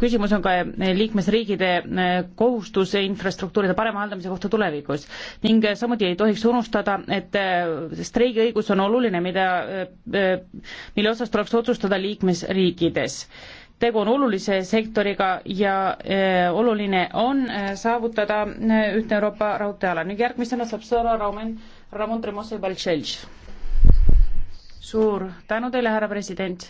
küsimus on ka liikmesriigide äh, kohustuse infrastruktuuride parema haldamise kohta tulevikus ning äh, samuti ei tohiks unustada, et äh, streigiõigus on oluline, mida, mille osas tuleks otsustada liikmesriikides tegu on olulise sektoriga ja äh, oluline on äh, saavutada äh, ühtne Euroopa raudteeala. nüüd järgmisena saab sõna Raumen, Ramon Tremose Balcelj. suur tänu teile, härra president